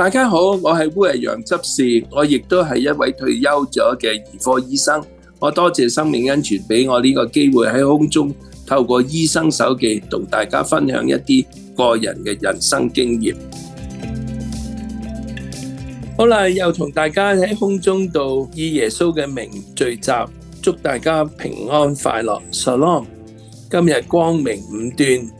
大家好，我係烏日陽執事，我亦都係一位退休咗嘅兒科醫生。我多謝生命恩泉俾我呢個機會喺空中透過醫生手記同大家分享一啲個人嘅人生經驗。好啦，又同大家喺空中度以耶穌嘅名聚集，祝大家平安快樂。Shalom，今日光明五端。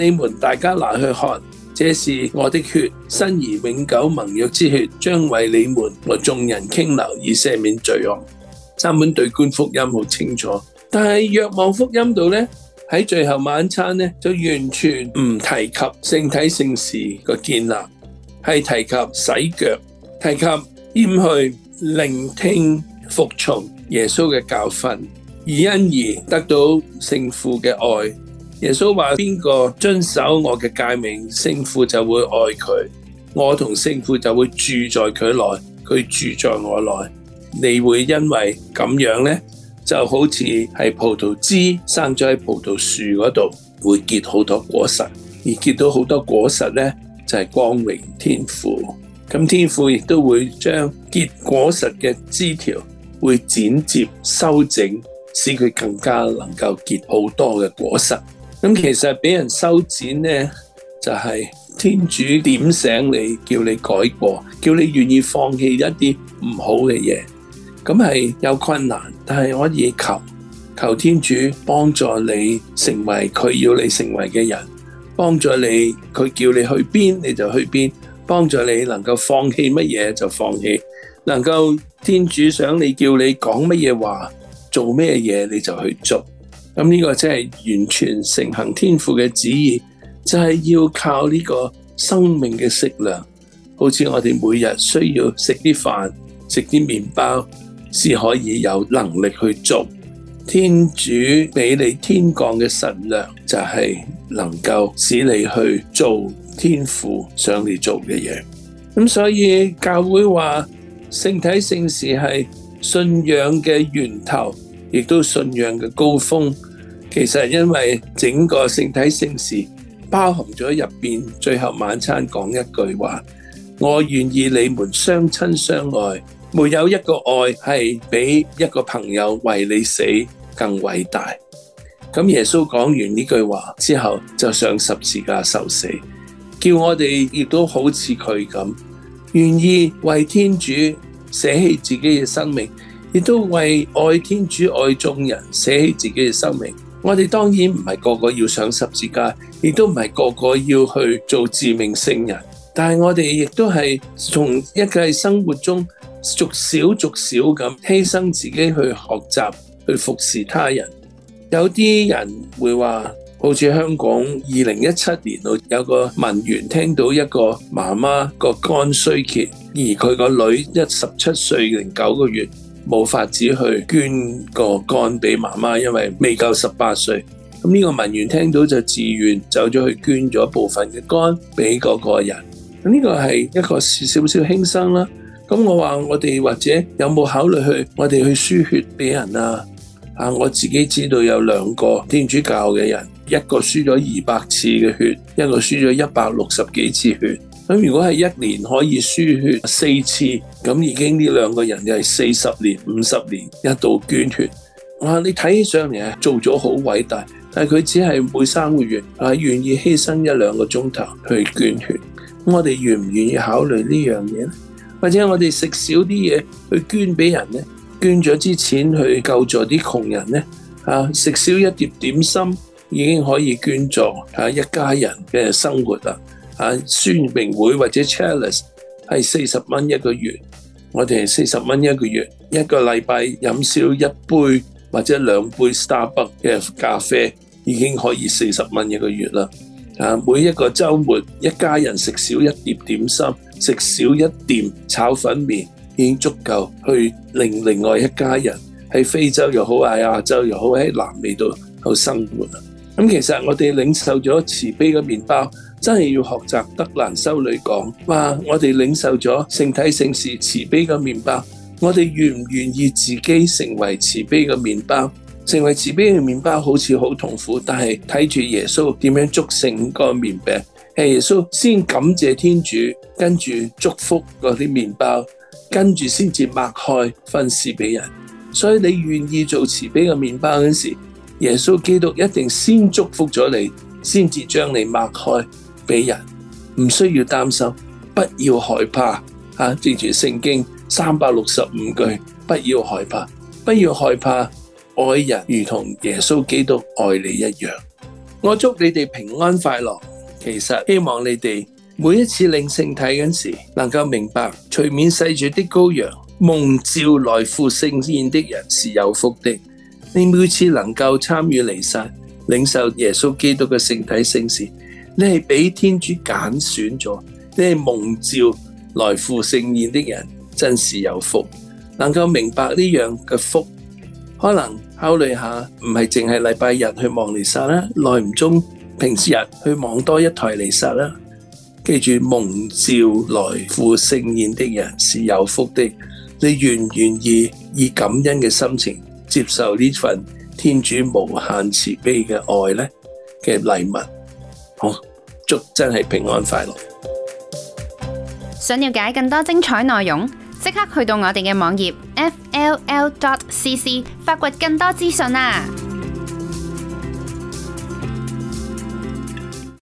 你們大家拿去喝，這是我的血，新而永久盟約之血，將為你們和眾人傾流，以赦免罪惡。三本對觀福音好清楚，但係若望福音度呢，喺最後晚餐呢，就完全唔提及聖體聖事個建立，係提及洗腳，提及謙虛聆聽服從耶穌嘅教訓，而因而得到聖父嘅愛。耶穌話：邊個遵守我嘅誡命，聖父就會愛佢，我同聖父就會住在佢內，佢住在我內。你會因為咁樣呢，就好似係葡萄枝生咗喺葡萄樹嗰度，會結好多果實，而結到好多果實呢，就係光明天父。咁天父亦都會將結果實嘅枝條會剪接修整，使佢更加能夠結好多嘅果實。咁其實俾人修剪呢，就係天主點醒你，叫你改過，叫你願意放棄一啲唔好嘅嘢。咁係有困難，但係可以求求天主幫助你成為佢要你成為嘅人，幫助你佢叫你去邊你就去邊，幫助你能夠放棄乜嘢就放棄，能夠天主想你叫你講乜嘢話做咩嘢你就去做。咁、這、呢個真係完全成行天父嘅旨意，就係、是、要靠呢個生命嘅食量，好似我哋每日需要食啲飯、食啲麵包，先可以有能力去做。天主俾你天降嘅神糧，就係、是、能夠使你去做天父想你做嘅嘢。咁所以教會話聖體聖事係信仰嘅源頭。亦都信仰嘅高峰，其實，係因為整個聖體聖事包含咗入邊最後晚餐講一句話，我願意你們相親相愛，沒有一個愛係比一個朋友為你死更偉大。咁耶穌講完呢句話之後就上十字架受死，叫我哋亦都好似佢咁，願意為天主捨棄自己嘅生命。亦都為愛天主、愛眾人捨棄自己嘅生命。我哋當然唔係個個要上十字架，亦都唔係個個要去做致命聖人。但係我哋亦都係從一個喺生活中逐少逐少咁犧牲自己去學習、去服侍他人。有啲人會話，好似香港二零一七年度有個文員聽到一個媽媽個肝衰竭，而佢個女一十七歲零九個月。冇法子去捐個肝俾媽媽，因為未夠十八歲。咁呢個文員聽到就自願走咗去捐咗部分嘅肝俾嗰個人。咁呢個係一個少少輕生啦。咁我話我哋或者有冇考慮去我哋去輸血俾人啊？啊，我自己知道有兩個天主教嘅人，一個輸咗二百次嘅血，一個輸咗一百六十幾次血。咁如果係一年可以輸血四次，咁已經呢兩個人又係四十年，五十年一度捐血。啊，你睇起上嚟做咗好偉大，但係佢只係每三個月啊，願意犧牲一兩個鐘頭去捐血。我哋願唔願意考慮呢樣嘢呢？或者我哋食少啲嘢去捐俾人呢？捐咗啲錢去救助啲窮人呢？啊，食少一碟點心已經可以捐助啊一家人嘅生活啦。啊，宣明會或者 Chalice 係四十蚊一個月，我哋係四十蚊一個月，一個禮拜飲少一杯或者兩杯 Starbuck 嘅咖啡，已經可以四十蚊一個月啦。啊，每一個周末，一家人食少一碟點心，食少一碟炒粉麵，已經足夠去令另外一家人喺非洲又好，喺亞洲又好，喺南美度去生活啦。咁其實我哋領受咗慈悲嘅麵包。真係要學習德蘭修女講話：我哋領受咗聖體聖事慈悲嘅麵包，我哋願唔願意自己成為慈悲嘅麵包？成為慈悲嘅麵包好似好痛苦，但係睇住耶穌點樣祝聖個麵餅，係耶穌先感謝天主，跟住祝福嗰啲麵包，跟住先至擘開分施俾人。所以你願意做慈悲嘅麵包嗰時，耶穌基督一定先祝福咗你，先至將你擘開。俾人唔需要擔心，不要害怕吓，記住聖經三百六十五句，不要害怕，不要害怕，愛人如同耶穌基督愛你一樣。我祝你哋平安快樂。其實希望你哋每一次領聖體嗰時，能夠明白，除免世罪的羔羊蒙召來赴聖宴的人是有福的。你每次能夠參與彌撒，領受耶穌基督嘅聖體聖事。你係俾天主揀選咗，你係蒙召來赴盛宴的人，真是有福。能夠明白呢樣嘅福，可能考慮下，唔係淨係禮拜日去望彌撒啦，耐唔中平時日去望多一台彌撒啦。記住，蒙召來赴盛宴的人是有福的。你願唔願意以感恩嘅心情接受呢份天主無限慈悲嘅愛呢嘅禮物？好。祝真係平安快樂！想了解更多精彩內容，即刻去到我哋嘅網頁 f l l dot c c，發掘更多資訊啊！